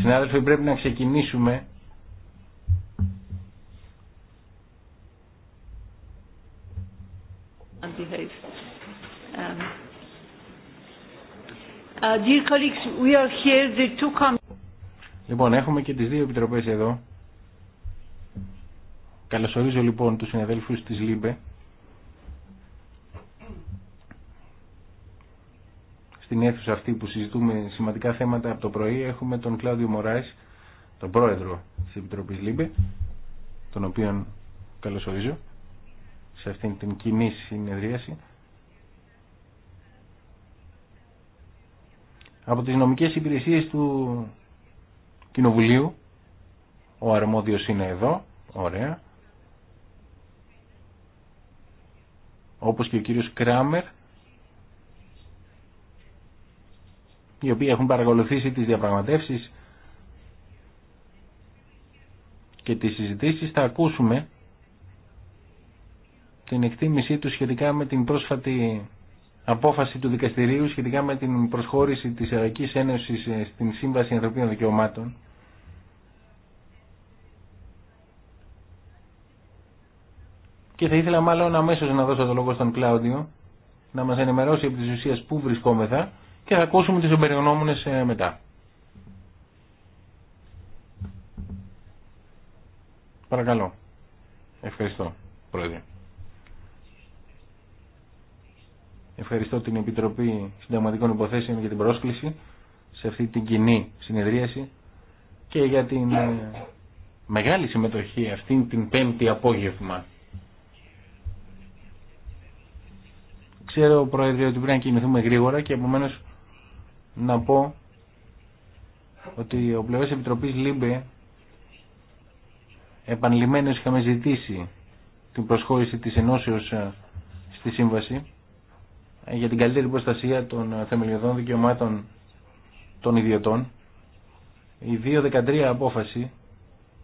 Συνάδελφοι, πρέπει να ξεκινήσουμε. Um, uh, we the two Λοιπόν, έχουμε και τις δύο επιτροπές εδώ. Καλωσορίζω λοιπόν τους συναδέλφους της ΛΥΜΠΕ. στην αίθουσα αυτή που συζητούμε σημαντικά θέματα από το πρωί έχουμε τον Κλάδιο Μωράης, τον πρόεδρο της Επιτροπής ΛΥΜΠΕ, τον οποίον καλωσορίζω σε αυτήν την κοινή συνεδρίαση. Από τις νομικές υπηρεσίες του Κοινοβουλίου, ο αρμόδιος είναι εδώ, ωραία, όπως και ο κύριος Κράμερ, οι οποίοι έχουν παρακολουθήσει τις διαπραγματεύσεις και τις συζητήσεις θα ακούσουμε την εκτίμησή του σχετικά με την πρόσφατη απόφαση του δικαστηρίου σχετικά με την προσχώρηση της Ευρωπαϊκής Ένωσης στην Σύμβαση Ανθρωπίνων Δικαιωμάτων. Και θα ήθελα μάλλον αμέσως να δώσω το λόγο στον Κλάουδιο να μας ενημερώσει από τις ουσίες πού βρισκόμεθα και θα ακούσουμε τις εμπεριγνώμονες ε, μετά. Παρακαλώ. Ευχαριστώ, Πρόεδρε. Ευχαριστώ την Επιτροπή Συνταγματικών Υποθέσεων για την πρόσκληση σε αυτή την κοινή συνεδρίαση και για την ε, μεγάλη συμμετοχή αυτήν την πέμπτη απόγευμα. Ξέρω, Πρόεδρε, ότι πρέπει να κινηθούμε γρήγορα και επομένως να πω ότι ο πλευρός Επιτροπής ΛΥΜΠΕ επανλημμένως είχαμε ζητήσει την προσχώρηση της ενώσεως ε, στη σύμβαση ε, για την καλύτερη προστασία των ε, θεμελιωδών δικαιωμάτων των ιδιωτών. Η 2.13 απόφαση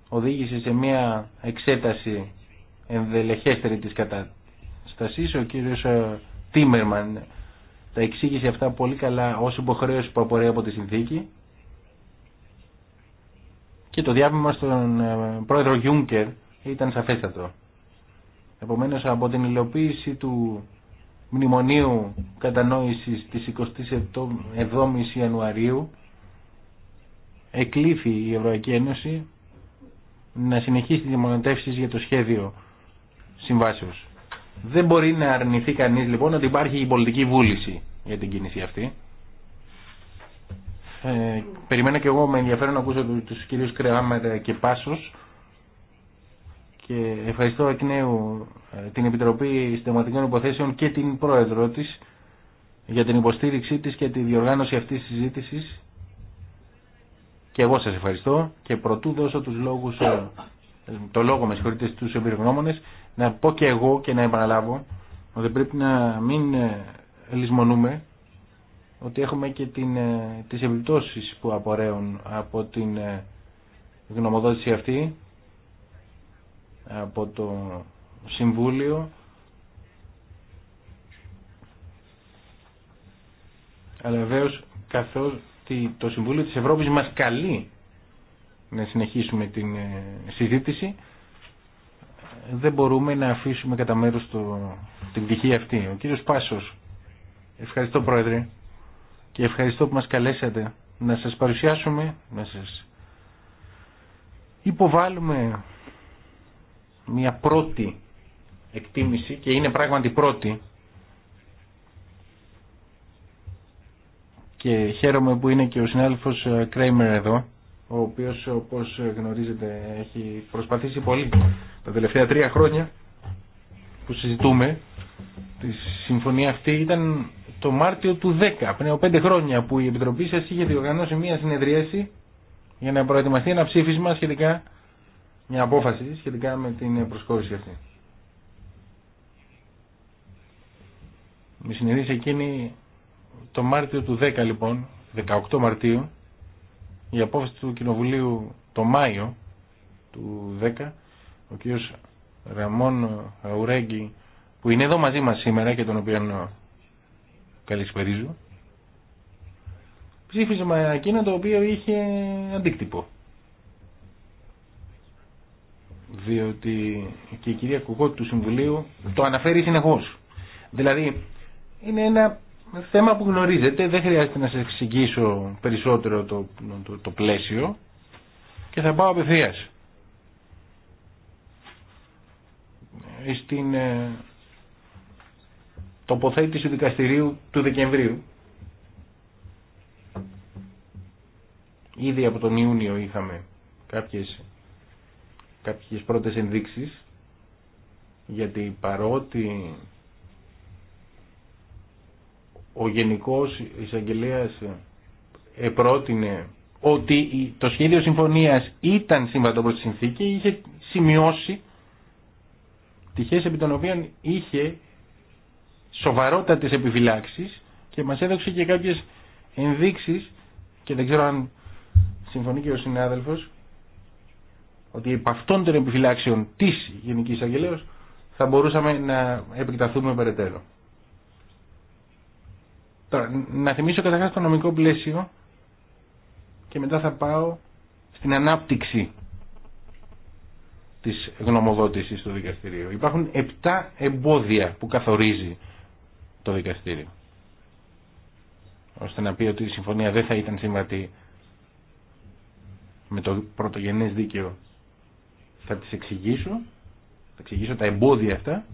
οδήγησε σε μια εξέταση ενδελεχέστερη της κατάστασης. Ο κύριος Τίμερμαν τα εξήγησε αυτά πολύ καλά ως υποχρέωση που απορρέει από τη συνθήκη και το διάβημα στον ε, πρόεδρο Γιούνκερ ήταν σαφέστατο. Επομένως από την υλοποίηση του μνημονίου κατανόησης της 27ης Ιανουαρίου εκλήθη η Ευρωπαϊκή Ένωση να συνεχίσει τις δημονετεύσεις για το σχέδιο συμβάσεως. Δεν μπορεί να αρνηθεί κανείς λοιπόν ότι υπάρχει η πολιτική βούληση για την κίνηση αυτή. Ε, περιμένω και εγώ με ενδιαφέρον να ακούσω τους κυρίους Κρεάμερ και Πάσος και ευχαριστώ εκ νέου ε, την Επιτροπή Συνταγματικών Υποθέσεων και την Πρόεδρό της για την υποστήριξή της και τη διοργάνωση αυτής της συζήτησης και εγώ σας ευχαριστώ και προτού δώσω τους λόγους, ε, το λόγο με συγχωρείτε στους εμπειρογνώμονες να πω και εγώ και να επαναλάβω ότι πρέπει να μην ε, λησμονούμε ότι έχουμε και την, ε, τις επιπτώσεις που απορρέουν από την ε, γνωμοδότηση αυτή από το Συμβούλιο αλλά βεβαίω καθώς το Συμβούλιο της Ευρώπης μας καλεί να συνεχίσουμε την συζήτηση δεν μπορούμε να αφήσουμε κατά μέρο την πτυχή αυτή. Ο κύριο Πάσο. ευχαριστώ Πρόεδρε και ευχαριστώ που μας καλέσατε να σας παρουσιάσουμε, να σας υποβάλουμε μια πρώτη εκτίμηση και είναι πράγματι πρώτη και χαίρομαι που είναι και ο συνάδελφος ε, Κρέιμερ εδώ ο οποίος όπως γνωρίζετε έχει προσπαθήσει πολύ τα τελευταία τρία χρόνια που συζητούμε τη συμφωνία αυτή ήταν το Μάρτιο του 10 πριν από πέντε χρόνια που η Επιτροπή σας είχε διοργανώσει μια συνεδρίαση για να προετοιμαστεί ένα ψήφισμα σχετικά μια απόφαση σχετικά με την προσχώρηση αυτή. Με συνειδήσε εκείνη το Μάρτιο του 10 λοιπόν, 18 Μαρτίου, η απόφαση του Κοινοβουλίου το Μάιο του 10 ο κ. Ραμόν Αουρέγγι που είναι εδώ μαζί μας σήμερα και τον οποίο ε, καλησπερίζω με εκείνο το οποίο είχε αντίκτυπο διότι και η κυρία Κουκότ του Συμβουλίου το αναφέρει συνεχώς δηλαδή είναι ένα θέμα που γνωρίζετε δεν χρειάζεται να σας εξηγήσω περισσότερο το, το, το πλαίσιο και θα πάω απευθείας στην ε, τοποθέτηση δικαστηρίου του Δεκεμβρίου. Ήδη από τον Ιούνιο είχαμε κάποιες, κάποιες πρώτες ενδείξεις γιατί παρότι ο Γενικός Εισαγγελέας επρότεινε ότι το σχέδιο συμφωνίας ήταν σύμβατο προς τη συνθήκη είχε σημειώσει τυχές επί των οποίων είχε σοβαρότατες επιφυλάξεις και μας έδωσε και κάποιες ενδείξεις και δεν ξέρω αν συμφωνεί και ο συνάδελφος ότι επ' αυτών των επιφυλάξεων της Γενικής Αγγελέως θα μπορούσαμε να επεκταθούμε περαιτέρω. να θυμίσω καταρχάς το νομικό πλαίσιο και μετά θα πάω στην ανάπτυξη της γνωμοδότησης του δικαστηρίου. Υπάρχουν 7 εμπόδια που καθορίζει το δικαστήριο. Ώστε να πει ότι η συμφωνία δεν θα ήταν συμβατή με το πρωτογενές δίκαιο. Θα τις εξηγήσω, θα εξηγήσω τα εμπόδια αυτά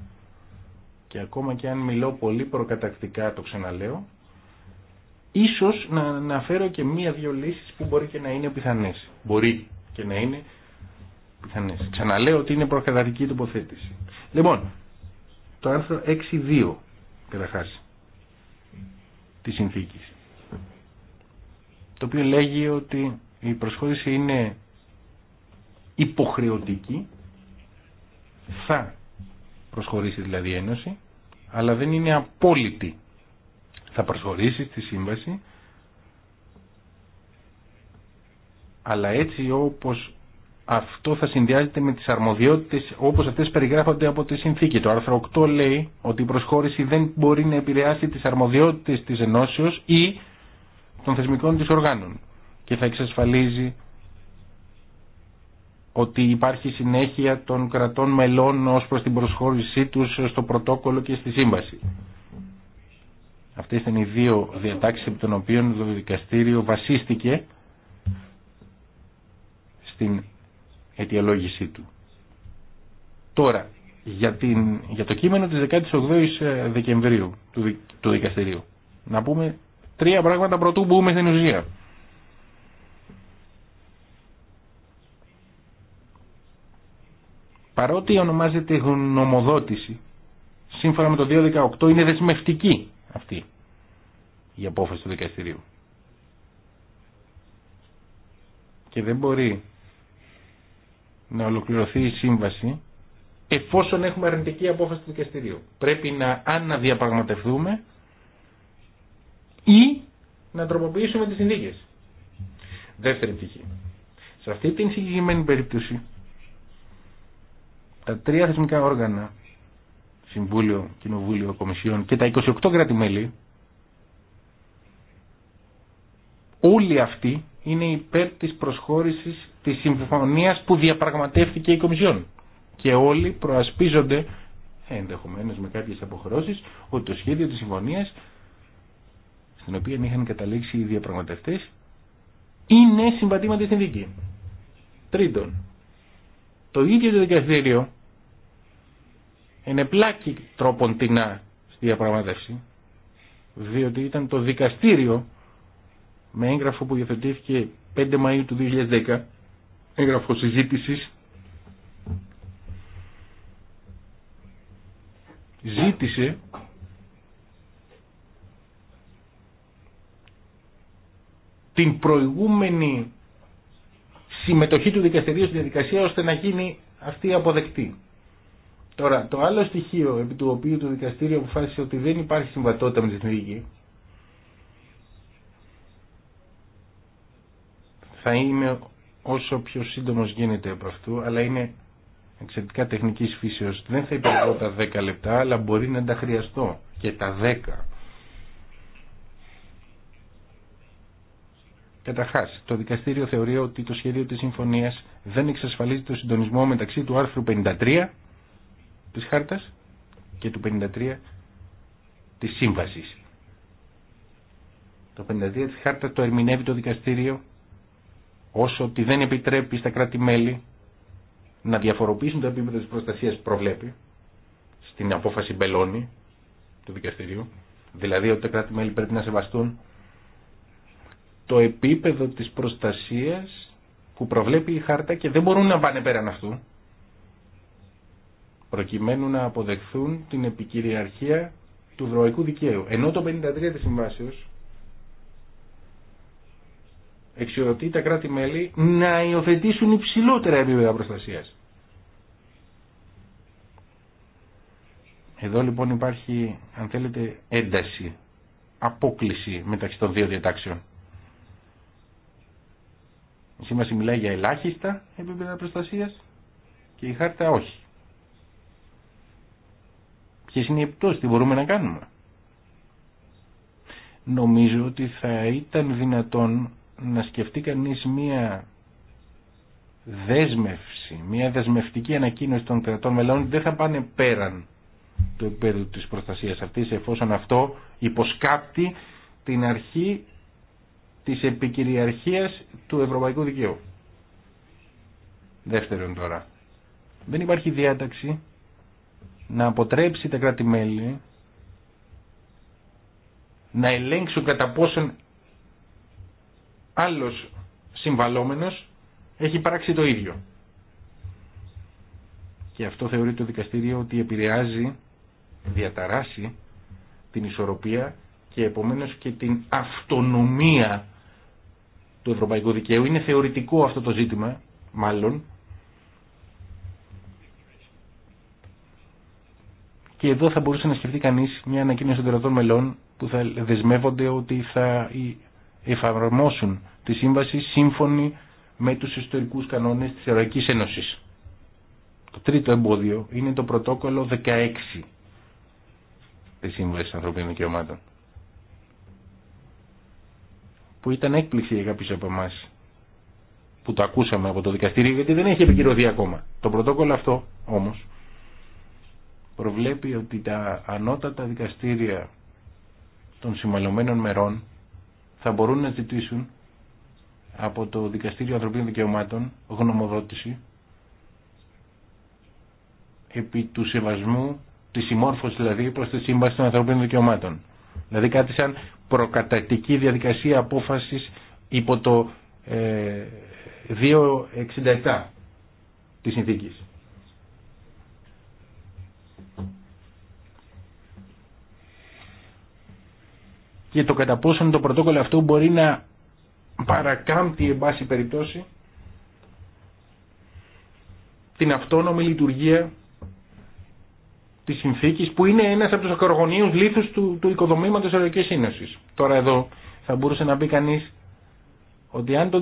και ακόμα και αν μιλώ πολύ προκατακτικά το ξαναλέω, ίσως να αναφέρω και μία-δυο λύσεις που μπορεί και να είναι πιθανές. Μπορεί και να είναι Ξαναλέω ότι είναι προκαταρική τοποθέτηση. Λοιπόν, το άρθρο 6.2 καταρχάς τη συνθήκη το οποίο λέγει ότι η προσχώρηση είναι υποχρεωτική θα προσχωρήσει δηλαδή η Ένωση αλλά δεν είναι απόλυτη θα προσχωρήσει στη σύμβαση αλλά έτσι όπως αυτό θα συνδυάζεται με τις αρμοδιότητες όπως αυτές περιγράφονται από τη συνθήκη. Το άρθρο 8 λέει ότι η προσχώρηση δεν μπορεί να επηρεάσει τις αρμοδιότητες της ενώσεω ή των θεσμικών τη οργάνων και θα εξασφαλίζει ότι υπάρχει συνέχεια των κρατών μελών ως προς την προσχώρησή τους στο πρωτόκολλο και στη σύμβαση. Αυτές ήταν οι δύο διατάξεις από τον οποίο το δικαστήριο βασίστηκε στην αιτιολόγησή του. Τώρα, για, την, για το κείμενο της 18ης ε, Δεκεμβρίου του, του δικαστηρίου. Να πούμε τρία πράγματα πρωτού μπούμε στην ουσία. Παρότι ονομάζεται γνωμοδότηση, σύμφωνα με το 218 είναι δεσμευτική αυτή η απόφαση του δικαστηρίου. Και δεν μπορεί να ολοκληρωθεί η σύμβαση εφόσον έχουμε αρνητική απόφαση του δικαστηρίου. Πρέπει να αναδιαπραγματευτούμε ή να τροποποιήσουμε τις συνθήκες. Δεύτερη πτυχή. Σε αυτή την συγκεκριμένη περίπτωση τα τρία θεσμικά όργανα Συμβούλιο, Κοινοβούλιο, Κομισιόν και τα 28 κράτη-μέλη όλοι αυτοί είναι υπέρ της προσχώρησης της συμφωνίας που διαπραγματεύτηκε η Κομισιόν. Και όλοι προασπίζονται, ενδεχομένω με κάποιες αποχρώσεις, ότι το σχέδιο της συμφωνίας, στην οποία είχαν καταλήξει οι διαπραγματευτές, είναι συμβατή με τη Τρίτον, το ίδιο το δικαστήριο ενεπλάκη τρόπον τεινά στη διαπραγματεύση, διότι ήταν το δικαστήριο με έγγραφο που υιοθετήθηκε 5 Μαΐου του 2010, έγγραφο συζήτησης, ζήτησε την προηγούμενη συμμετοχή του δικαστηρίου στη διαδικασία ώστε να γίνει αυτή αποδεκτή. Τώρα, το άλλο στοιχείο επί του οποίου το δικαστήριο αποφάσισε ότι δεν υπάρχει συμβατότητα με τη συνθήκη Θα είμαι όσο πιο σύντομος γίνεται από αυτού, αλλά είναι εξαιρετικά τεχνικής φύσεως. Δεν θα υπερβώ τα 10 λεπτά, αλλά μπορεί να τα χρειαστώ και τα 10. Καταρχά, το δικαστήριο θεωρεί ότι το σχέδιο της συμφωνίας δεν εξασφαλίζει το συντονισμό μεταξύ του άρθρου 53 της χάρτας και του 53 της σύμβασης. Το 52 της χάρτας το ερμηνεύει το δικαστήριο όσο ότι δεν επιτρέπει στα κράτη-μέλη να διαφοροποιήσουν το επίπεδο της προστασίας που προβλέπει στην απόφαση Μπελώνη του δικαστηρίου, δηλαδή ότι τα κράτη-μέλη πρέπει να σεβαστούν το επίπεδο της προστασίας που προβλέπει η χάρτα και δεν μπορούν να πάνε πέραν αυτού προκειμένου να αποδεχθούν την επικυριαρχία του δροϊκού δικαίου. Ενώ το 53 της συμβάσεως εξοδοτεί τα κράτη-μέλη να υιοθετήσουν υψηλότερα επίπεδα προστασίας. Εδώ λοιπόν υπάρχει, αν θέλετε, ένταση, απόκληση μεταξύ των δύο διατάξεων. Η σήμαση μιλάει για ελάχιστα επίπεδα προστασίας και η χάρτα όχι. Ποιε είναι οι επιπτώσεις, τι μπορούμε να κάνουμε. Νομίζω ότι θα ήταν δυνατόν να σκεφτεί κανείς μία δέσμευση, μία δεσμευτική ανακοίνωση των κρατών μελών δεν θα πάνε πέραν του επίπεδου της προστασίας αυτής εφόσον αυτό υποσκάπτει την αρχή της επικυριαρχίας του ευρωπαϊκού δικαίου. Δεύτερον τώρα, δεν υπάρχει διάταξη να αποτρέψει τα κράτη-μέλη να ελέγξουν κατά πόσον άλλος συμβαλόμενος έχει πράξει το ίδιο. Και αυτό θεωρεί το δικαστήριο ότι επηρεάζει, διαταράσει την ισορροπία και επομένως και την αυτονομία του ευρωπαϊκού δικαίου. Είναι θεωρητικό αυτό το ζήτημα, μάλλον. Και εδώ θα μπορούσε να σκεφτεί κανείς μια ανακοίνωση των κρατών μελών που θα δεσμεύονται ότι θα εφαρμόσουν τη σύμβαση σύμφωνη με τους ιστορικούς κανόνες της Ευρωπαϊκής Ένωσης. Το τρίτο εμπόδιο είναι το πρωτόκολλο 16 της Σύμβασης Ανθρωπίνων Δικαιωμάτων που ήταν έκπληξη για κάποιους από εμά που το ακούσαμε από το δικαστήριο γιατί δεν έχει επικυρωθεί ακόμα. Το πρωτόκολλο αυτό όμως προβλέπει ότι τα ανώτατα δικαστήρια των συμμαλωμένων μερών θα μπορούν να ζητήσουν από το Δικαστήριο Ανθρωπίνων Δικαιωμάτων γνωμοδότηση επί του σεβασμού, τη συμμόρφωση δηλαδή προ τη Σύμβαση των Ανθρωπίνων Δικαιωμάτων. Δηλαδή κάτι σαν προκατακτική διαδικασία απόφαση υπό το ε, 267 της συνθήκη. και το κατά πόσο το πρωτόκολλο αυτό μπορεί να παρακάμπτει εν πάση περιπτώσει την αυτόνομη λειτουργία τη συνθήκη που είναι ένα από τους ακρογωνίους λήθους του, του οικοδομήματος Ευρωπαϊκής Σύνωσης. Τώρα εδώ θα μπορούσε να πει κανείς ότι αν το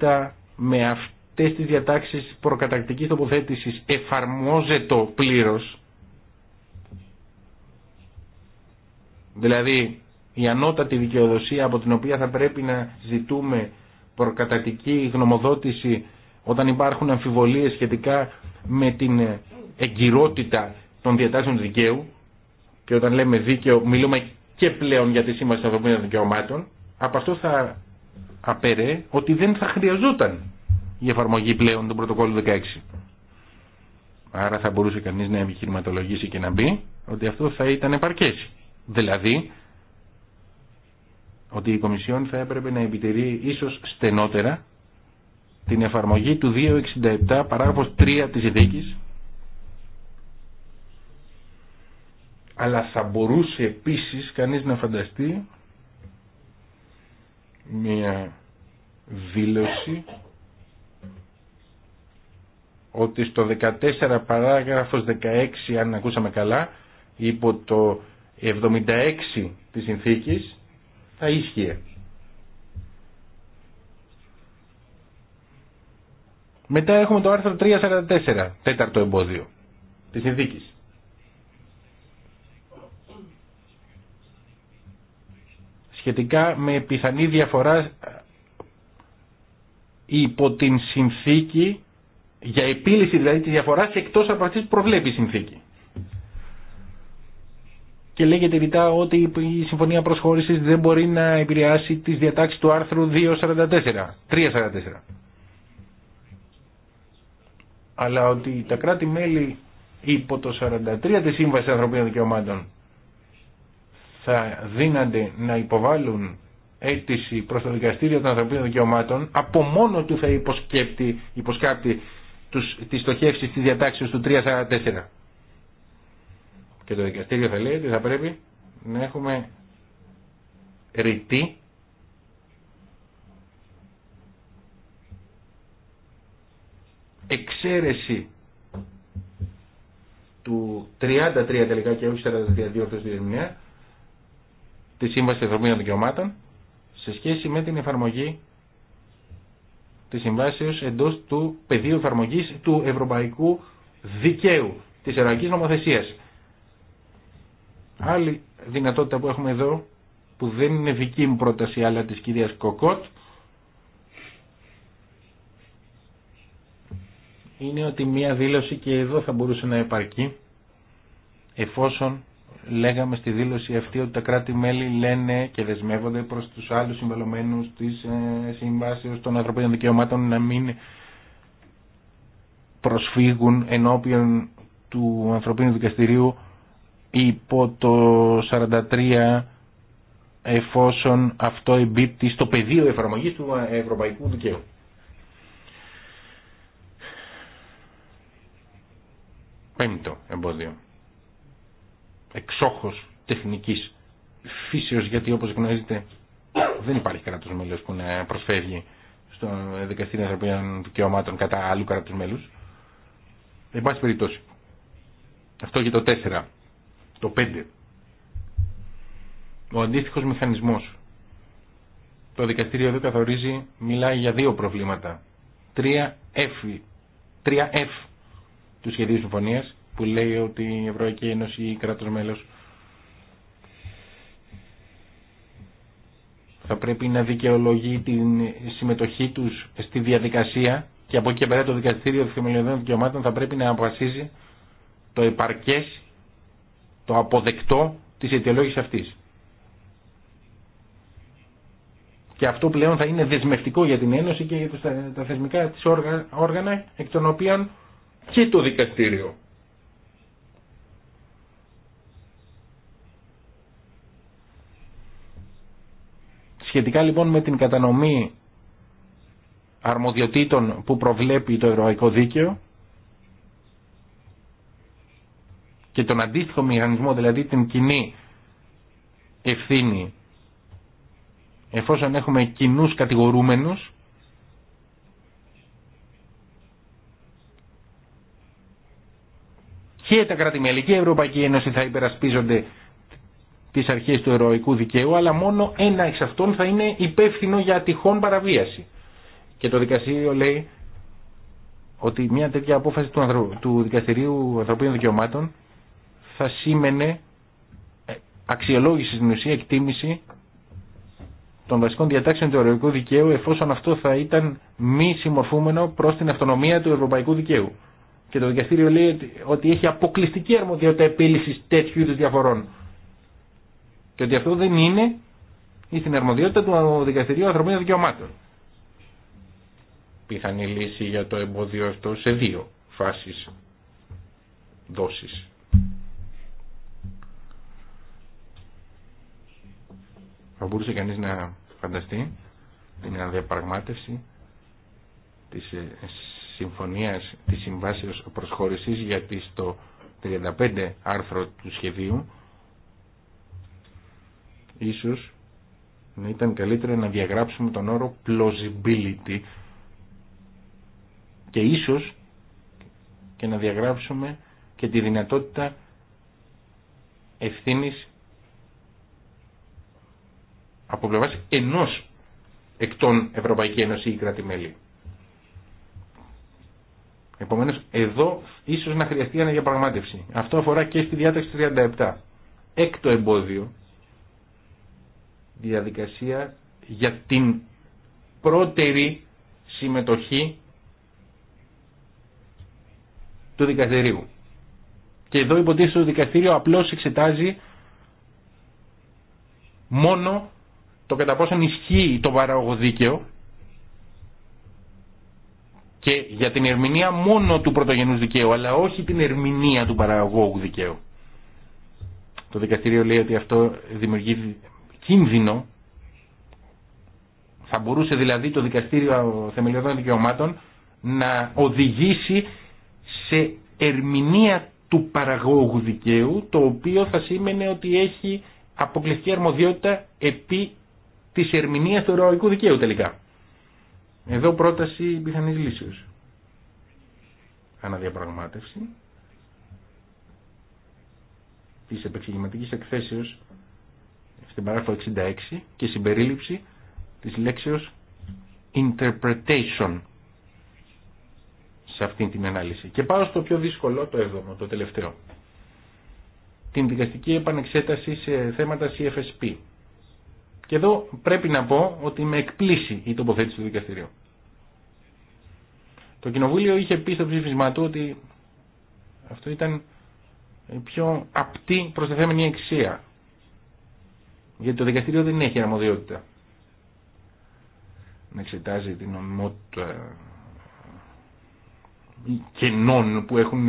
267 με αυτές τις διατάξεις προκατακτικής τοποθέτησης εφαρμόζεται πλήρως δηλαδή η ανώτατη δικαιοδοσία από την οποία θα πρέπει να ζητούμε προκατατική γνωμοδότηση όταν υπάρχουν αμφιβολίες σχετικά με την εγκυρότητα των διατάσεων δικαίου και όταν λέμε δίκαιο μιλούμε και πλέον για τη Σύμβαση των Ανθρωπίνων Δικαιωμάτων από αυτό θα απέρε ότι δεν θα χρειαζόταν η εφαρμογή πλέον του πρωτοκόλλου 16. Άρα θα μπορούσε κανείς να επιχειρηματολογήσει και να μπει ότι αυτό θα ήταν επαρκές. Δηλαδή ότι η Κομισιόν θα έπρεπε να επιτηρεί ίσως στενότερα την εφαρμογή του 267 παράγραφος 3 της ειδίκης αλλά θα μπορούσε επίσης κανείς να φανταστεί μια δήλωση ότι στο 14 παράγραφος 16 αν ακούσαμε καλά υπό το 76 της συνθήκης θα ίσχυε. Μετά έχουμε το άρθρο 344, τέταρτο εμπόδιο της συνθήκης. Σχετικά με πιθανή διαφορά υπό την συνθήκη, για επίλυση δηλαδή τη διαφοράς εκτός από αυτή που προβλέπει η συνθήκη και λέγεται ρητά ότι η συμφωνία προσχώρησης δεν μπορεί να επηρεάσει τις διατάξεις του άρθρου 244, 344. Αλλά ότι τα κράτη-μέλη υπό το 43 της Σύμβασης Ανθρωπίνων Δικαιωμάτων θα δίνανται να υποβάλουν αίτηση προς το Δικαστήριο των Ανθρωπίνων Δικαιωμάτων από μόνο του θα υποσκέπτει, υποσκάπτει τις στοχεύσεις της διατάξεως του 344. Και το δικαστήριο θα λέει ότι θα πρέπει να έχουμε ρητή εξαίρεση του 33 τελικά και όχι 43 διόρθωση διερμηνέα τη Σύμβαση Ευρωπαϊκών Δικαιωμάτων σε σχέση με την εφαρμογή τη συμβάσεως εντός του πεδίου εφαρμογής του ευρωπαϊκού δικαίου της ευρωπαϊκής νομοθεσίας. Άλλη δυνατότητα που έχουμε εδώ, που δεν είναι δική μου πρόταση αλλά της κυρίας Κοκότ, είναι ότι μία δήλωση και εδώ θα μπορούσε να επαρκεί, εφόσον λέγαμε στη δήλωση αυτή ότι τα κράτη-μέλη λένε και δεσμεύονται προς τους άλλους συμβαλωμένους της ε, Συμβάσεως των Ανθρωπίνων Δικαιωμάτων να μην προσφύγουν ενώπιον του Ανθρωπίνου Δικαστηρίου υπό το 43 εφόσον αυτό εμπίπτει στο πεδίο εφαρμογής του ευρωπαϊκού δικαίου. Πέμπτο εμπόδιο. Εξόχως τεχνικής φύσεως γιατί όπως γνωρίζετε δεν υπάρχει κράτος μέλος που να προσφεύγει στο Δικαστήριο ευρωπαϊκών Δικαιωμάτων κατά άλλου κράτους μέλους. Εν πάση περιπτώσει. Αυτό για το 4 το 5. Ο αντίστοιχο μηχανισμός. Το δικαστήριο εδώ καθορίζει, μιλάει για δύο προβλήματα. 3F, 3F του σχεδίου Συμφωνία που λέει ότι η Ευρωπαϊκή Ένωση ή κράτος μέλος θα πρέπει να δικαιολογεί την συμμετοχή τους στη διαδικασία και από εκεί και πέρα το Δικαστήριο Θεμελιωδών Δικαιωμάτων θα πρέπει να αποφασίζει το επαρκές το αποδεκτό της αιτιολόγησης αυτής. Και αυτό πλέον θα είναι δεσμευτικό για την Ένωση και για τα θεσμικά της όργανα εκ των οποίων και το δικαστήριο. Σχετικά λοιπόν με την κατανομή αρμοδιοτήτων που προβλέπει το Ευρωπαϊκό Δίκαιο, και τον αντίστοιχο μηχανισμό, δηλαδή την κοινή ευθύνη, εφόσον έχουμε κοινού κατηγορούμενους, και τα κρατη και η Ευρωπαϊκή Ένωση θα υπερασπίζονται τις αρχές του ερωικού δικαίου, αλλά μόνο ένα εξ αυτών θα είναι υπεύθυνο για τυχόν παραβίαση. Και το δικαστήριο λέει ότι μια τέτοια απόφαση του, Δικαστηρίου Ανθρωπίνων Δικαιωμάτων θα σήμαινε ε, αξιολόγηση στην ουσία εκτίμηση των βασικών διατάξεων του ευρωπαϊκού δικαίου εφόσον αυτό θα ήταν μη συμμορφούμενο προς την αυτονομία του ευρωπαϊκού δικαίου. Και το δικαστήριο λέει ότι έχει αποκλειστική αρμοδιότητα επίλυσης τέτοιου είδου διαφορών. Και ότι αυτό δεν είναι ή στην αρμοδιότητα του Δικαστηρίου Ανθρωπίνων Δικαιωμάτων. Πιθανή λύση για το εμπόδιο αυτό σε δύο φάσεις δόσεις. Θα μπορούσε κανείς να φανταστεί την αναδιαπραγμάτευση της ε, συμφωνίας της συμβάσεως προσχώρησης γιατί στο 35 άρθρο του σχεδίου ίσως να ήταν καλύτερο να διαγράψουμε τον όρο plausibility και ίσως και να διαγράψουμε και τη δυνατότητα ευθύνης από πλευρά ενό εκ των Ευρωπαϊκή Ένωση ή κράτη-μέλη. Επομένω, εδώ ίσω να χρειαστεί διαπραγμάτευση. Αυτό αφορά και στη διάταξη 37. Έκτο εμπόδιο. Διαδικασία για την πρώτερη συμμετοχή του δικαστηρίου. Και εδώ υποτίθεται το δικαστήριο απλώς εξετάζει μόνο το κατά πόσον ισχύει το παραγωγό δίκαιο και για την ερμηνεία μόνο του πρωτογενούς δικαίου, αλλά όχι την ερμηνεία του παραγωγού δικαίου. Το δικαστήριο λέει ότι αυτό δημιουργεί κίνδυνο. Θα μπορούσε δηλαδή το δικαστήριο θεμελιωδών δικαιωμάτων να οδηγήσει σε ερμηνεία του παραγωγού δικαίου, το οποίο θα σήμαινε ότι έχει αποκλειστική αρμοδιότητα επί τη ερμηνεία του ευρωπαϊκού δικαίου τελικά. Εδώ πρόταση πιθανής λύσεως. Αναδιαπραγμάτευση της επεξηγηματική εκθέσεως στην παράγραφο 66 και συμπερίληψη της λέξεως interpretation σε αυτή την ανάλυση. Και πάω στο πιο δύσκολο, το έβδομο, το τελευταίο. Την δικαστική επανεξέταση σε θέματα CFSP. Και εδώ πρέπει να πω ότι με εκπλήσει η τοποθέτηση του δικαστηρίου. Το Κοινοβούλιο είχε πει στο ψήφισμά του ότι αυτό ήταν η πιο απτή προστεθέμενη εξία. Γιατί το δικαστήριο δεν έχει αρμοδιότητα να εξετάζει την ομότητα κενών που έχουν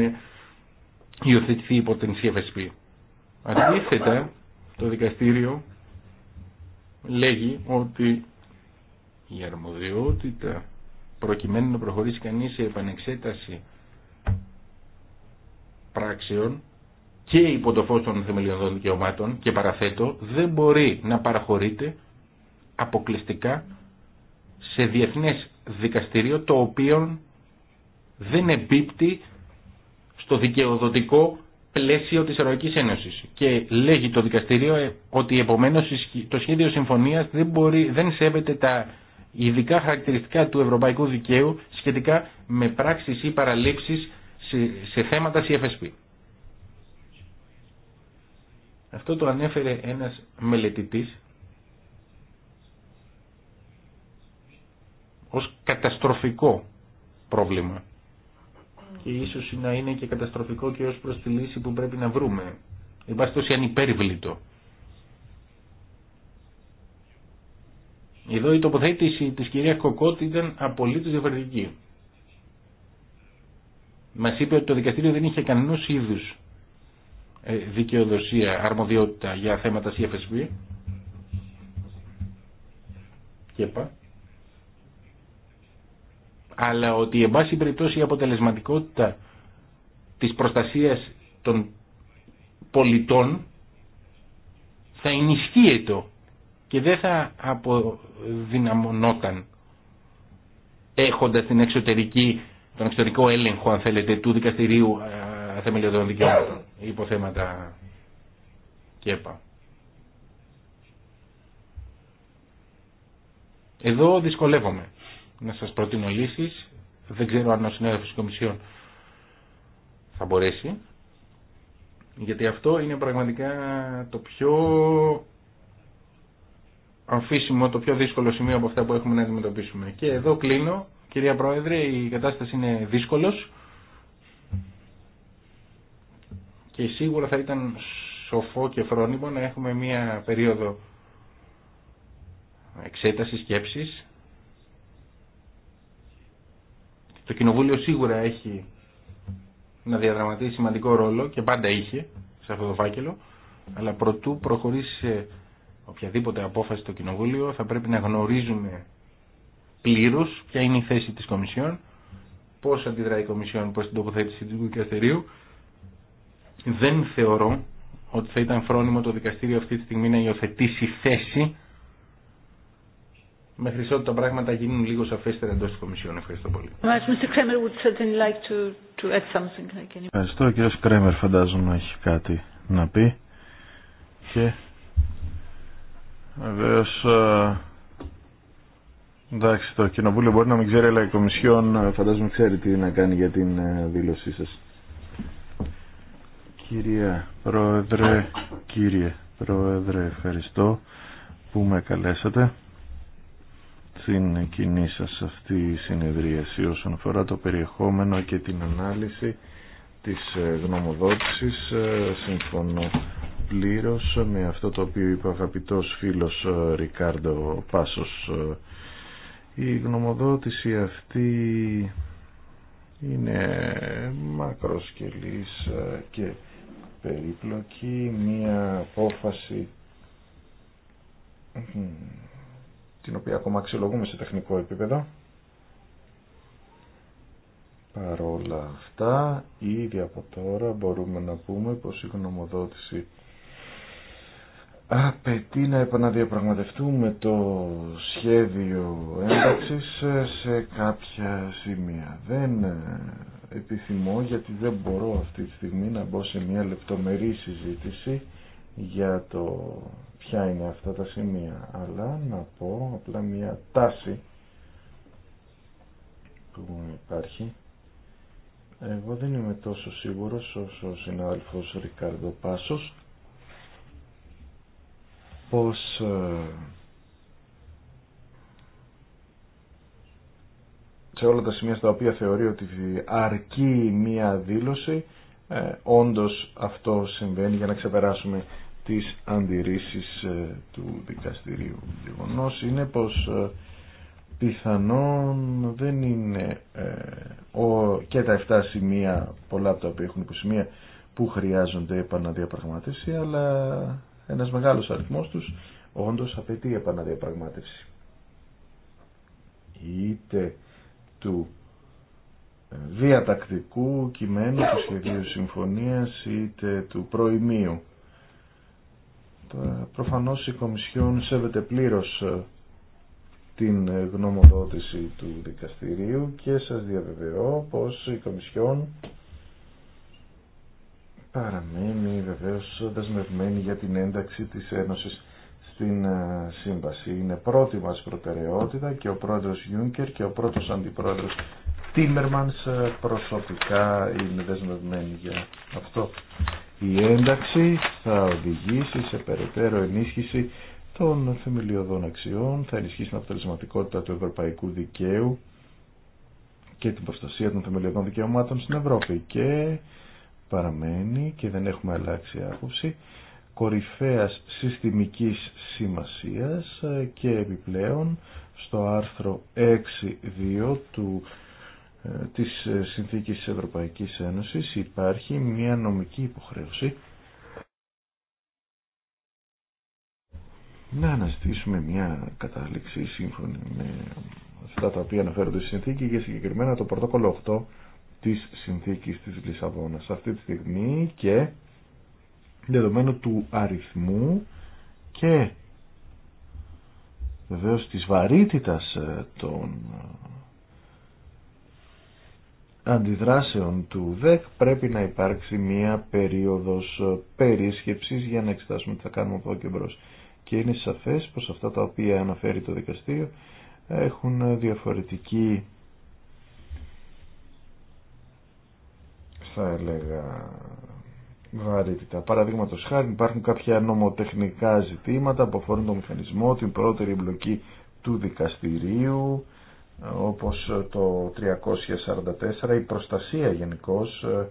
υιοθετηθεί υπό την CFSP. Αντίθετα, το δικαστήριο λέγει ότι η αρμοδιότητα προκειμένου να προχωρήσει κανείς σε επανεξέταση πράξεων και υπό το φως των θεμελιωδών δικαιωμάτων και παραθέτω δεν μπορεί να παραχωρείται αποκλειστικά σε διεθνές δικαστηρίο το οποίο δεν εμπίπτει στο δικαιοδοτικό πλαίσιο της Ευρωπαϊκής Ένωσης και λέγει το δικαστήριο ε, ότι επομένως το σχέδιο συμφωνίας δεν, μπορεί, δεν σέβεται τα ειδικά χαρακτηριστικά του ευρωπαϊκού δικαίου σχετικά με πράξεις ή παραλήψεις σε, σε θέματα CFSP. Αυτό το ανέφερε ένας μελετητής ως καταστροφικό πρόβλημα και ίσω να είναι και καταστροφικό και ω προ τη λύση που πρέπει να βρούμε. Υπάρχει τόσο ανυπέρβλητο. Εδώ η τοποθέτηση της κυρία Κοκότ ήταν απολύτως διαφορετική. Μα είπε ότι το δικαστήριο δεν είχε κανένα είδου ε, δικαιοδοσία, αρμοδιότητα για θέματα CFSB. Και είπα αλλά ότι εν πάση περιπτώσει η αποτελεσματικότητα της προστασίας των πολιτών θα ενισχύεται και δεν θα αποδυναμωνόταν έχοντας την εξωτερική, τον εξωτερικό έλεγχο αν θέλετε του δικαστηρίου θεμελιωδών δικαιωμάτων υποθέματα ΚΕΠΑ. Εδώ δυσκολεύομαι να σας προτείνω λύσεις. Δεν ξέρω αν ο συνέδριος της Κομισιόν θα μπορέσει. Γιατί αυτό είναι πραγματικά το πιο αμφίσιμο, το πιο δύσκολο σημείο από αυτά που έχουμε να αντιμετωπίσουμε. Και εδώ κλείνω. Κυρία Πρόεδρε, η κατάσταση είναι δύσκολος και σίγουρα θα ήταν σοφό και φρόνιμο να έχουμε μία περίοδο εξέταση σκέψης Το Κοινοβούλιο σίγουρα έχει να διαδραματίσει σημαντικό ρόλο και πάντα είχε σε αυτό το φάκελο, αλλά προτού προχωρήσει σε οποιαδήποτε απόφαση το Κοινοβούλιο θα πρέπει να γνωρίζουμε πλήρως ποια είναι η θέση της Κομισιόν, πώς αντιδράει η Κομισιόν προς την τοποθέτηση του δικαστηρίου. Δεν θεωρώ ότι θα ήταν φρόνιμο το δικαστήριο αυτή τη στιγμή να υιοθετήσει θέση μέχρι ότου τα πράγματα γίνουν λίγο σαφέστερα εντό τη Κομισιόν. Ευχαριστώ πολύ. Ευχαριστώ. Ο κ. Κρέμερ φαντάζομαι έχει κάτι να πει. Και βεβαίω. Ε, εντάξει, το κοινοβούλιο μπορεί να μην ξέρει, αλλά η Κομισιόν ε, φαντάζομαι ξέρει τι να κάνει για την ε, δήλωσή σας. Κυρία Πρόεδρε, κύριε Πρόεδρε, ευχαριστώ που με καλέσατε στην κοινή σας αυτή συνεδρίαση όσον αφορά το περιεχόμενο και την ανάλυση της ε, γνωμοδότησης ε, συμφωνώ πλήρως με αυτό το οποίο είπε ο αγαπητός φίλος ε, Ρικάρντο Πάσος η γνωμοδότηση αυτή είναι μακροσκελής και περίπλοκη μια απόφαση την οποία ακόμα αξιολογούμε σε τεχνικό επίπεδο. όλα αυτά, ήδη από τώρα μπορούμε να πούμε πως η γνωμοδότηση απαιτεί να επαναδιαπραγματευτούμε το σχέδιο ένταξης σε κάποια σημεία. Δεν επιθυμώ γιατί δεν μπορώ αυτή τη στιγμή να μπω σε μια λεπτομερή συζήτηση για το ποια είναι αυτά τα σημεία, αλλά να πω απλά μια τάση που υπάρχει. Εγώ δεν είμαι τόσο σίγουρος όσο ο συνάδελφος Ρικάρδο Πάσος πως ε, σε όλα τα σημεία στα οποία θεωρεί ότι αρκεί μία δήλωση ε, όντως αυτό συμβαίνει για να ξεπεράσουμε τις αντιρρήσεις ε, του δικαστηρίου. Γεγονός είναι πως ε, πιθανόν δεν είναι ε, ο, και τα 7 σημεία, πολλά από τα οποία έχουν υποσημεία, που χρειάζονται επαναδιαπραγμάτευση, αλλά ένας μεγάλος αριθμός τους όντως απαιτεί επαναδιαπραγμάτευση. Είτε του διατακτικού κειμένου του σχεδίου συμφωνίας είτε του προημίου ε, προφανώς η Κομισιόν σέβεται πλήρως ε, την ε, γνωμοδότηση του δικαστηρίου και σας διαβεβαιώ πως η Κομισιόν παραμένει βεβαίως δεσμευμένη για την ένταξη της Ένωσης στην Σύμβαση. Είναι πρώτη μας προτεραιότητα και ο πρόεδρος Γιούνκερ και ο πρώτος αντιπρόεδρος Τίμερμανς προσωπικά είναι δεσμευμένοι για αυτό η ένταξη θα οδηγήσει σε περαιτέρω ενίσχυση των θεμελιωδών αξιών, θα ενισχύσει την αποτελεσματικότητα του ευρωπαϊκού δικαίου και την προστασία των θεμελιωδών δικαιωμάτων στην Ευρώπη και παραμένει και δεν έχουμε αλλάξει άποψη κορυφαίας συστημικής σημασίας ε, και επιπλέον στο άρθρο 6.2 του ε, της ε, Συνθήκης της Ευρωπαϊκής Ένωσης υπάρχει μια νομική υποχρέωση να αναζητήσουμε μια κατάληξη σύμφωνη με αυτά τα οποία αναφέρονται στη συνθήκη και συγκεκριμένα το πρωτόκολλο 8 της συνθήκης της Λισαβόνας αυτή τη στιγμή και δεδομένου του αριθμού και βεβαίως της βαρύτητας ε, των αντιδράσεων του ΔΕΚ πρέπει να υπάρξει μία περίοδος περίσκεψης για να εξετάσουμε τι θα κάνουμε από και μπρος. Και είναι σαφές πως αυτά τα οποία αναφέρει το δικαστήριο έχουν διαφορετική θα έλεγα βαρύτητα. Παραδείγματο χάρη υπάρχουν κάποια νομοτεχνικά ζητήματα που αφορούν το μηχανισμό, την πρώτερη εμπλοκή του δικαστηρίου, όπως το 344 η προστασία γενικώ ε,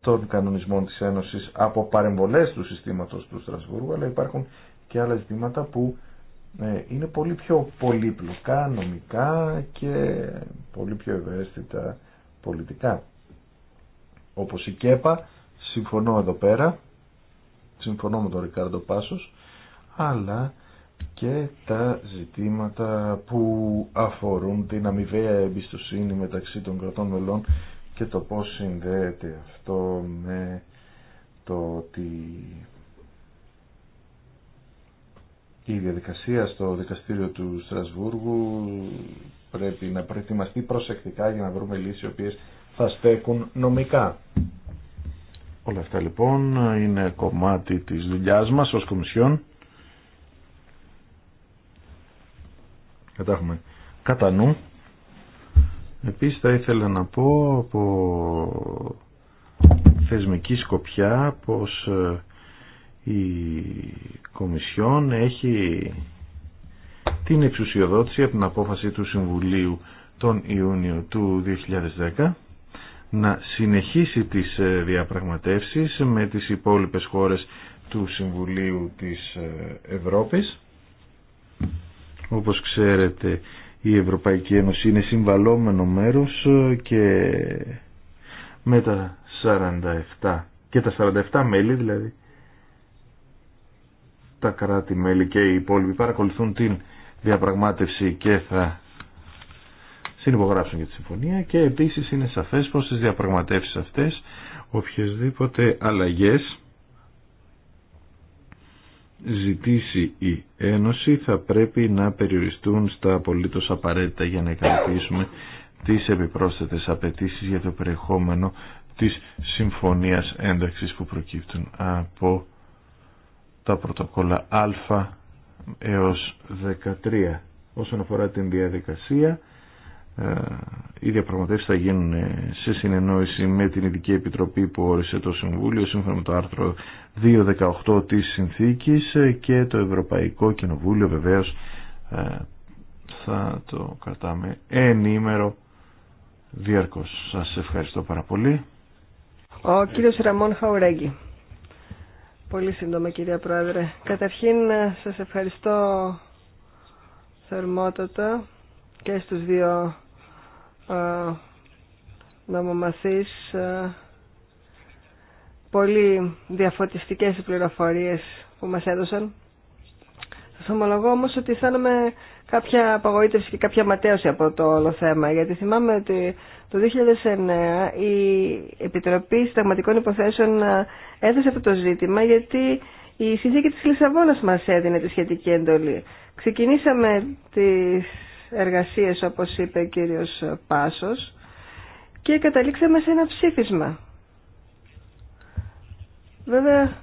των κανονισμών της Ένωσης από παρεμβολές του συστήματος του Στρασβούργου αλλά υπάρχουν και άλλα ζητήματα που ε, είναι πολύ πιο πολύπλοκα νομικά και πολύ πιο ευαίσθητα πολιτικά. Όπως η ΚΕΠΑ, συμφωνώ εδώ πέρα, συμφωνώ με τον Ρικάρντο Πάσος, αλλά και τα ζητήματα που αφορούν την αμοιβαία εμπιστοσύνη μεταξύ των κρατών μελών και το πώς συνδέεται αυτό με το ότι η διαδικασία στο δικαστήριο του Στρασβούργου πρέπει να προετοιμαστεί προσεκτικά για να βρούμε λύσεις οι οποίες θα στέκουν νομικά. Όλα αυτά λοιπόν είναι κομμάτι της δουλειάς μας ως Κομισιόν Κάτάχουμε ναι, κατά νου. Επίσης θα ήθελα να πω από θεσμική σκοπιά πως ε, η Κομισιόν έχει την εξουσιοδότηση από την απόφαση του Συμβουλίου τον Ιούνιο του 2010 να συνεχίσει τις ε, διαπραγματεύσεις με τις υπόλοιπες χώρες του Συμβουλίου της ε, Ευρώπης όπως ξέρετε η Ευρωπαϊκή Ένωση είναι συμβαλόμενο μέρος ε, και με τα 47 και τα 47 μέλη δηλαδή τα κράτη-μέλη και οι υπόλοιποι παρακολουθούν την διαπραγμάτευση και θα συνυπογράψουν για τη συμφωνία και επίσης είναι σαφές πως στις διαπραγματεύσεις αυτές οποιασδήποτε αλλαγές ζητήσει η Ένωση θα πρέπει να περιοριστούν στα απολύτως απαραίτητα για να ικανοποιήσουμε τις επιπρόσθετες απαιτήσεις για το περιεχόμενο της συμφωνίας ένταξης που προκύπτουν από τα πρωτοκόλλα Α έως 13. Όσον αφορά την διαδικασία, ε, οι διαπραγματεύσει θα γίνουν ε, σε συνεννόηση με την Ειδική Επιτροπή που όρισε το Συμβούλιο σύμφωνα με το άρθρο 2.18 της Συνθήκης ε, και το Ευρωπαϊκό Κοινοβούλιο βεβαίως θα το κρατάμε ενήμερο διαρκώς. Σας ευχαριστώ πάρα πολύ. Ο κύριος Ραμόν Χαουρέγγι. Πολύ σύντομα κυρία Πρόεδρε. Καταρχήν σας ευχαριστώ θερμότατα και στους δύο νομομαθείς πολύ διαφωτιστικές πληροφορίες που μας έδωσαν. Θα ομολογώ όμως ότι αισθάνομαι κάποια απαγοήτευση και κάποια ματέωση από το όλο θέμα. Γιατί θυμάμαι ότι το 2009 η Επιτροπή Συνταγματικών Υποθέσεων έδωσε αυτό το ζήτημα γιατί η συνθήκη της Λισαβόνας μας έδινε τη σχετική εντολή. Ξεκινήσαμε τις εργασίες όπως είπε ο κύριος Πάσος και καταλήξαμε σε ένα ψήφισμα. Βέβαια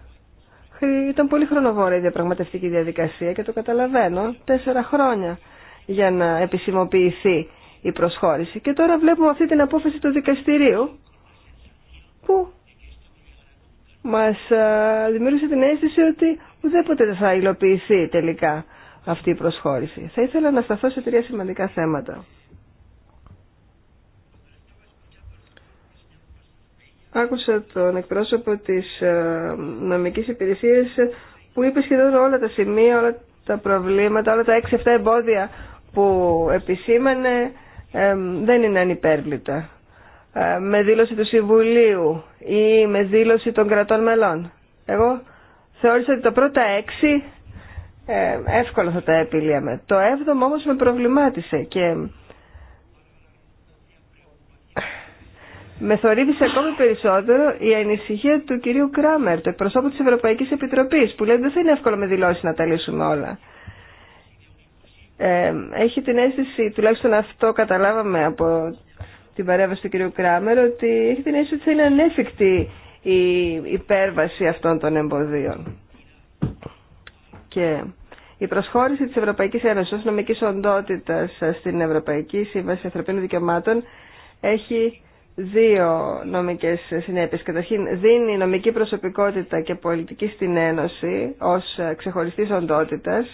ήταν πολύ χρονοβόρα η διαπραγματευτική διαδικασία και το καταλαβαίνω, τέσσερα χρόνια για να επισημοποιηθεί η προσχώρηση. Και τώρα βλέπουμε αυτή την απόφαση του δικαστηρίου που μας δημιούργησε την αίσθηση ότι ουδέποτε δεν θα υλοποιηθεί τελικά αυτή η προσχώρηση. Θα ήθελα να σταθώ σε τρία σημαντικά θέματα. Άκουσα τον εκπρόσωπο της ε, νομικής υπηρεσίας που είπε σχεδόν όλα τα σημεία, όλα τα προβλήματα, όλα τα 6-7 εμπόδια που επισήμανε ε, δεν είναι ανυπέρβλητα. Ε, με δήλωση του Συμβουλίου ή με δήλωση των κρατών μελών. Εγώ θεώρησα ότι τα πρώτα έξι ε, εύκολα θα τα επιλύαμε. Το έβδομο όμως με προβλημάτισε και με θορύβησε ακόμη περισσότερο η ανησυχία του κυρίου Κράμερ, του εκπροσώπου της Ευρωπαϊκής Επιτροπής, που λέει δεν θα είναι εύκολο με δηλώσει να τα λύσουμε όλα. Ε, έχει την αίσθηση, τουλάχιστον αυτό καταλάβαμε από την παρέμβαση του κυρίου Κράμερ, ότι έχει την αίσθηση ότι θα είναι ανέφικτη η υπέρβαση αυτών των εμποδίων. Και η προσχώρηση της Ευρωπαϊκής Ένωσης νομικής οντότητας στην Ευρωπαϊκή Σύμβαση Ανθρωπίνων Δικαιωμάτων έχει δύο νομικές συνέπειες. Καταρχήν δίνει νομική προσωπικότητα και πολιτική στην Ένωση ως ξεχωριστή οντότητας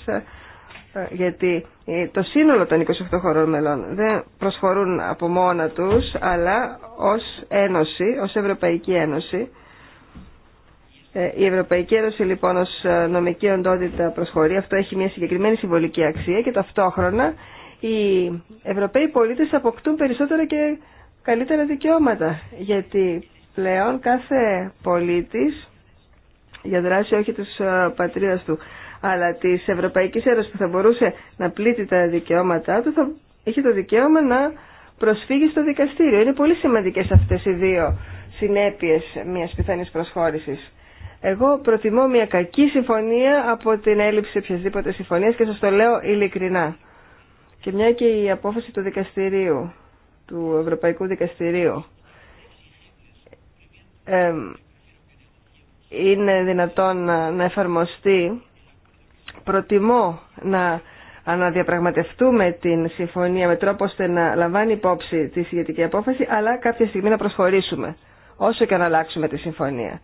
γιατί το σύνολο των 28 χωρών μελών δεν προσχωρούν από μόνα τους αλλά ως Ένωση, ως Ευρωπαϊκή Ένωση ε, η Ευρωπαϊκή Ένωση λοιπόν ως ε, νομική οντότητα προσχωρεί, αυτό έχει μια συγκεκριμένη συμβολική αξία και ταυτόχρονα οι Ευρωπαίοι πολίτες αποκτούν περισσότερα και καλύτερα δικαιώματα γιατί πλέον κάθε πολίτης για δράση όχι της ε, πατρίδας του αλλά της Ευρωπαϊκής Ένωσης που θα μπορούσε να πλήττει τα δικαιώματά του θα έχει το δικαίωμα να προσφύγει στο δικαστήριο. Είναι πολύ σημαντικές αυτές οι δύο συνέπειες μιας πιθανής προσχώρησης. Εγώ προτιμώ μια κακή συμφωνία από την έλλειψη οποιασδήποτε συμφωνία και σας το λέω ειλικρινά. Και μια και η απόφαση του δικαστηρίου, του Ευρωπαϊκού Δικαστηρίου, είναι δυνατόν να, να εφαρμοστεί, προτιμώ να αναδιαπραγματευτούμε την συμφωνία με τρόπο ώστε να λαμβάνει υπόψη τη σχετική απόφαση, αλλά κάποια στιγμή να προσχωρήσουμε, όσο και να αλλάξουμε τη συμφωνία.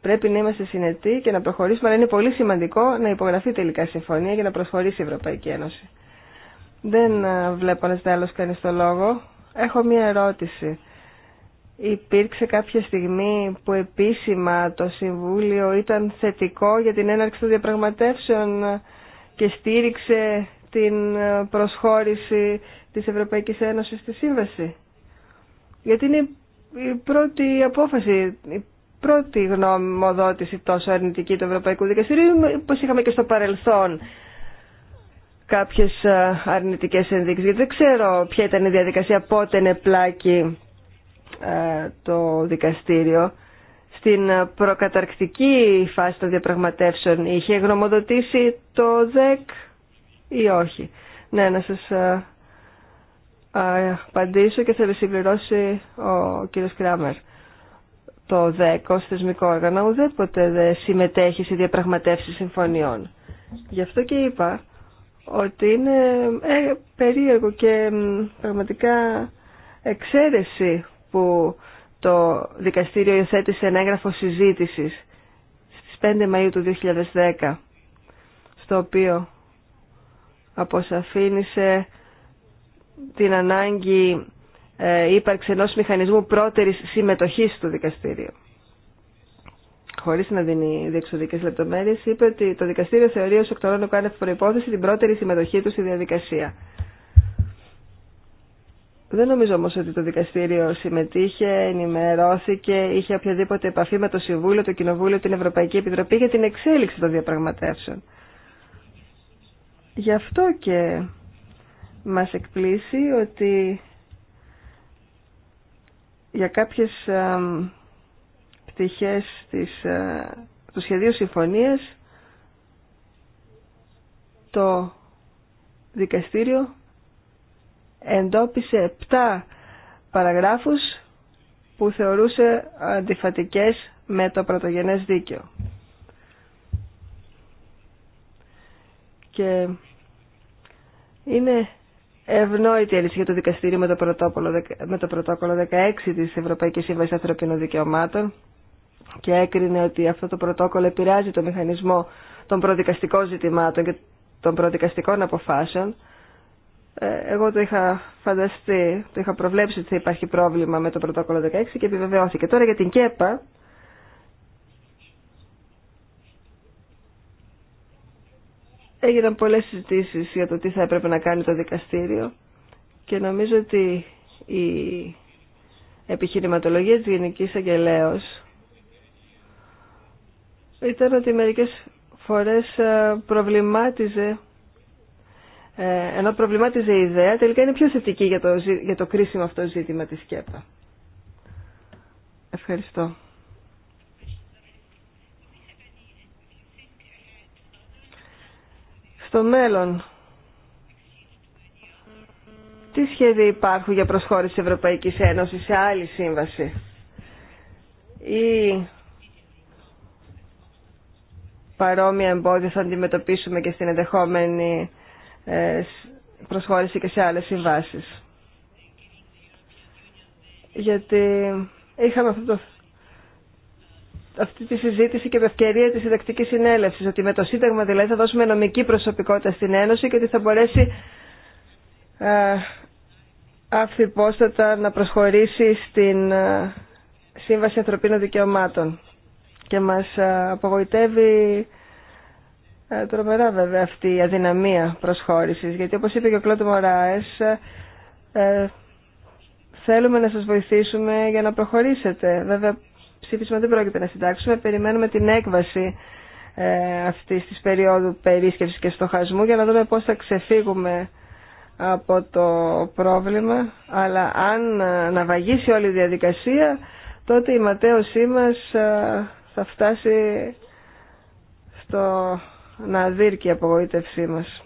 Πρέπει να είμαστε συνετοί και να προχωρήσουμε, αλλά είναι πολύ σημαντικό να υπογραφεί τελικά συμφωνία για να προσχωρήσει η Ευρωπαϊκή Ένωση. Δεν ε, βλέπω να ζητάει άλλος κανείς το λόγο. Έχω μία ερώτηση. Υπήρξε κάποια στιγμή που επίσημα το Συμβούλιο ήταν θετικό για την έναρξη των διαπραγματεύσεων ε, και στήριξε την ε, προσχώρηση της Ευρωπαϊκής Ένωσης στη Σύμβαση. Γιατί είναι η πρώτη απόφαση, πρώτη γνωμοδότηση τόσο αρνητική του Ευρωπαϊκού Δικαστηρίου, όπω είχαμε και στο παρελθόν κάποιες ε, αρνητικές ενδείξεις. Γιατί δεν ξέρω ποια ήταν η διαδικασία, πότε είναι πλάκη ε, το δικαστήριο. Στην ε, προκαταρκτική φάση των διαπραγματεύσεων είχε γνωμοδοτήσει το ΔΕΚ ή όχι. Ναι, να σας απαντήσω και θα με συμπληρώσει ο κύριος Κράμερ το ΔΕΚ ως θεσμικό όργανο ουδέποτε δεν συμμετέχει σε διαπραγματεύσεις συμφωνιών. Γι' αυτό και είπα ότι είναι ε, περίεργο και πραγματικά εξαίρεση που το δικαστήριο υιοθέτησε ένα έγγραφο συζήτησης στις 5 Μαΐου του 2010 στο οποίο αποσαφήνισε την ανάγκη ε, ύπαρξη ενός μηχανισμού πρώτερης συμμετοχής του δικαστήριου. Χωρίς να δίνει διεξοδικές λεπτομέρειες, είπε ότι το δικαστήριο θεωρεί ως εκτορών ουκάνευ προϋπόθεση την πρώτερη συμμετοχή του στη διαδικασία. Δεν νομίζω όμως ότι το δικαστήριο συμμετείχε, ενημερώθηκε, είχε οποιαδήποτε επαφή με το Συμβούλιο, το Κοινοβούλιο, την Ευρωπαϊκή Επιτροπή για την εξέλιξη των διαπραγματεύσεων. Γι' αυτό και μας εκπλήσει ότι για κάποιες πτυχές της, ε, του σχεδίου συμφωνίας το δικαστήριο εντόπισε 7 παραγράφους που θεωρούσε αντιφατικές με το πρωτογενές δίκαιο. Και είναι ευνόητη αλήθεια του δικαστηρίου με το, πρωτόκολλο, με το πρωτόκολλο 16 της Ευρωπαϊκής Σύμβασης Ανθρωπίνων Δικαιωμάτων και έκρινε ότι αυτό το πρωτόκολλο επηρεάζει το μηχανισμό των προδικαστικών ζητημάτων και των προδικαστικών αποφάσεων. Ε, εγώ το είχα φανταστεί, το είχα προβλέψει ότι θα υπάρχει πρόβλημα με το πρωτόκολλο 16 και επιβεβαιώθηκε. Τώρα για την ΚΕΠΑ έγιναν πολλές συζητήσεις για το τι θα έπρεπε να κάνει το δικαστήριο και νομίζω ότι η επιχειρηματολογία της Γενικής Αγγελέως ήταν ότι μερικές φορές ε, προβλημάτιζε ε, ενώ προβλημάτιζε η ιδέα, τελικά είναι πιο θετική για το, για το κρίσιμο αυτό ζήτημα της ΚΕΠΑ. Ευχαριστώ. στο μέλλον. Τι σχέδια υπάρχουν για προσχώρηση Ευρωπαϊκής Ένωσης σε άλλη σύμβαση ή παρόμοια εμπόδια θα αντιμετωπίσουμε και στην ενδεχόμενη ε, προσχώρηση και σε άλλες συμβάσεις. Γιατί είχαμε αυτό το αυτή τη συζήτηση και την ευκαιρία τη συντακτική συνέλευση, ότι με το Σύνταγμα δηλαδή θα δώσουμε νομική προσωπικότητα στην Ένωση και ότι θα μπορέσει ε, αυθυπόστατα να προσχωρήσει στην ε, Σύμβαση Ανθρωπίνων Δικαιωμάτων. Και μας ε, απογοητεύει ε, τρομερά βέβαια αυτή η αδυναμία προσχώρησης, γιατί όπως είπε και ο Κλώτο Μωράες, ε, ε, θέλουμε να σας βοηθήσουμε για να προχωρήσετε. Βέβαια ψήφισμα δεν πρόκειται να συντάξουμε. Περιμένουμε την έκβαση ε, αυτής της περίοδου περίσκεψη και στοχασμού για να δούμε πώ θα ξεφύγουμε από το πρόβλημα. Αλλά αν ε, βαγίσει όλη η διαδικασία, τότε η ματέωσή μας ε, θα φτάσει στο να δίρκει η απογοήτευσή μας.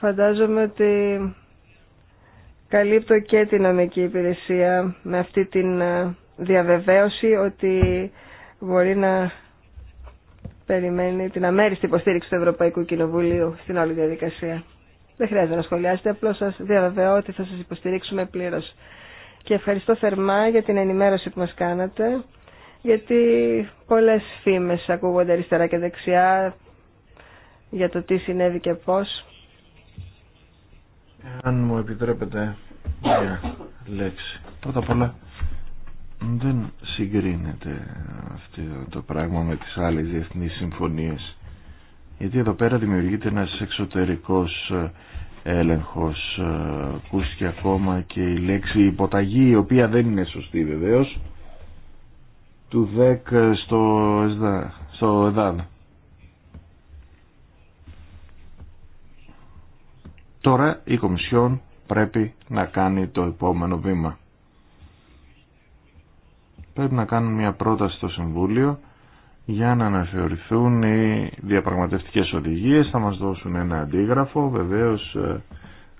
Φαντάζομαι ότι καλύπτω και την νομική υπηρεσία με αυτή την ε, διαβεβαίωση ότι μπορεί να περιμένει την αμέριστη υποστήριξη του Ευρωπαϊκού Κοινοβουλίου στην όλη διαδικασία. Δεν χρειάζεται να σχολιάσετε, απλώς σας διαβεβαιώ ότι θα σας υποστηρίξουμε πλήρως. Και ευχαριστώ θερμά για την ενημέρωση που μας κάνατε, γιατί πολλές φήμες ακούγονται αριστερά και δεξιά για το τι συνέβη και πώς αν μου επιτρέπετε μια λέξη. Πρώτα απ' όλα δεν συγκρίνεται αυτό το πράγμα με τις άλλες διεθνείς συμφωνίες. Γιατί εδώ πέρα δημιουργείται ένας εξωτερικός ε, έλεγχος, ε, ακούστηκε ακόμα και η λέξη υποταγή, η οποία δεν είναι σωστή βεβαίω. του ΔΕΚ στο, στο Τώρα η Κομισιόν πρέπει να κάνει το επόμενο βήμα. Πρέπει να κάνουν μια πρόταση στο Συμβούλιο για να αναθεωρηθούν οι διαπραγματευτικές οδηγίες, θα μας δώσουν ένα αντίγραφο, βεβαίως ε,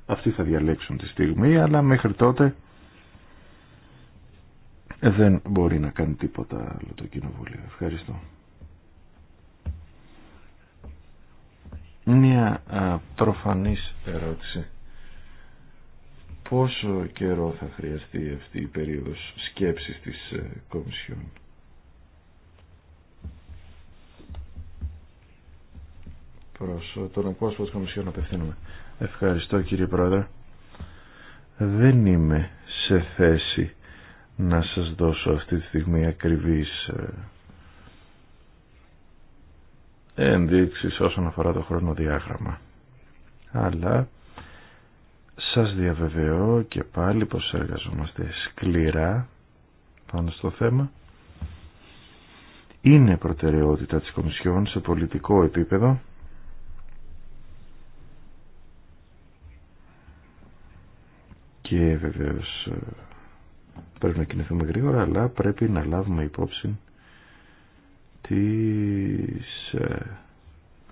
αυτοί θα διαλέξουν τη στιγμή, αλλά μέχρι τότε δεν μπορεί να κάνει τίποτα άλλο το Κοινοβούλιο. Ευχαριστώ. Μια προφανής ερώτηση. Πόσο καιρό θα χρειαστεί αυτή η περίοδος σκέψης της ε, Κομισιόν. Προς ε, τον εκπρόσωπο της Κομισιόν απευθύνουμε. Ευχαριστώ κύριε Πρόεδρε. Δεν είμαι σε θέση να σας δώσω αυτή τη στιγμή ακριβείς ε, ενδείξεις όσον αφορά το χρονοδιάγραμμα. Αλλά σας διαβεβαιώ και πάλι πως εργαζόμαστε σκληρά πάνω στο θέμα. Είναι προτεραιότητα της Κομισιόν σε πολιτικό επίπεδο και βεβαίως ε, πρέπει να κινηθούμε γρήγορα αλλά πρέπει να λάβουμε υπόψη της, ε,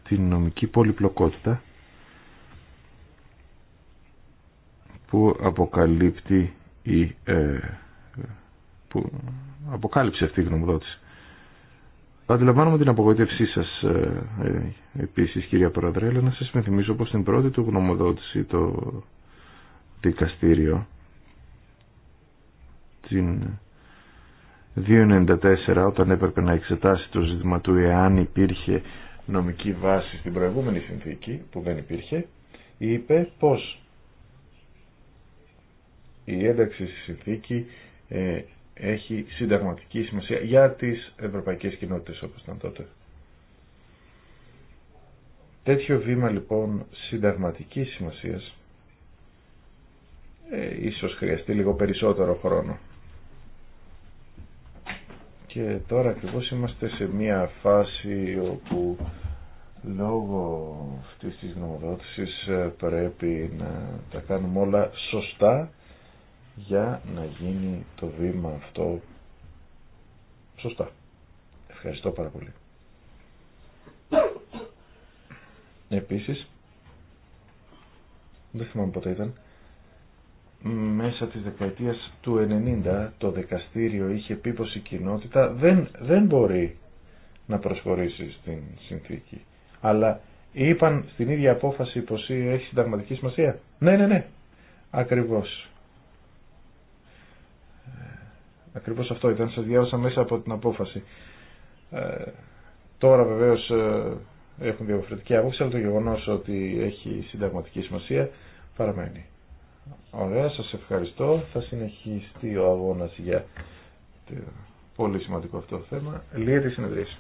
την νομική πολυπλοκότητα που αποκαλύπτει η, ε, που αποκάλυψε αυτή η γνωμοδότηση. Αντιλαμβάνομαι την απογοήτευσή σας ε, ε επίσης κυρία Πρόεδρε, αλλά να σας θυμίσω πως την πρώτη του γνωμοδότηση το δικαστήριο την 2.94 όταν έπρεπε να εξετάσει το ζήτημα του εάν υπήρχε νομική βάση στην προηγούμενη συνθήκη που δεν υπήρχε είπε πως η ένταξη στη συνθήκη ε, έχει συνταγματική σημασία για τις ευρωπαϊκές κοινότητες όπως ήταν τότε. Τέτοιο βήμα λοιπόν συνταγματική σημασίας ε, ίσως χρειαστεί λίγο περισσότερο χρόνο και τώρα ακριβώ είμαστε σε μια φάση όπου λόγω αυτή τη γνωμοδότησης ε, πρέπει να τα κάνουμε όλα σωστά για να γίνει το βήμα αυτό σωστά. Ευχαριστώ πάρα πολύ. Επίσης, δεν θυμάμαι πότε ήταν, μέσα της δεκαετίας του 90 το δικαστήριο είχε πει πως η κοινότητα δεν, δεν μπορεί να προσχωρήσει στην συνθήκη. Αλλά είπαν στην ίδια απόφαση πως έχει συνταγματική σημασία. Ναι, ναι, ναι. Ακριβώς. Ε, ακριβώς αυτό ήταν. Σας διάβασα μέσα από την απόφαση. Ε, τώρα βεβαίως ε, έχουν διαφορετική άποψη, αλλά το γεγονός ότι έχει συνταγματική σημασία παραμένει. Ωραία, σας ευχαριστώ. Θα συνεχιστεί ο αγώνας για το πολύ σημαντικό αυτό θέμα. Λίγη η συνεδρίαση.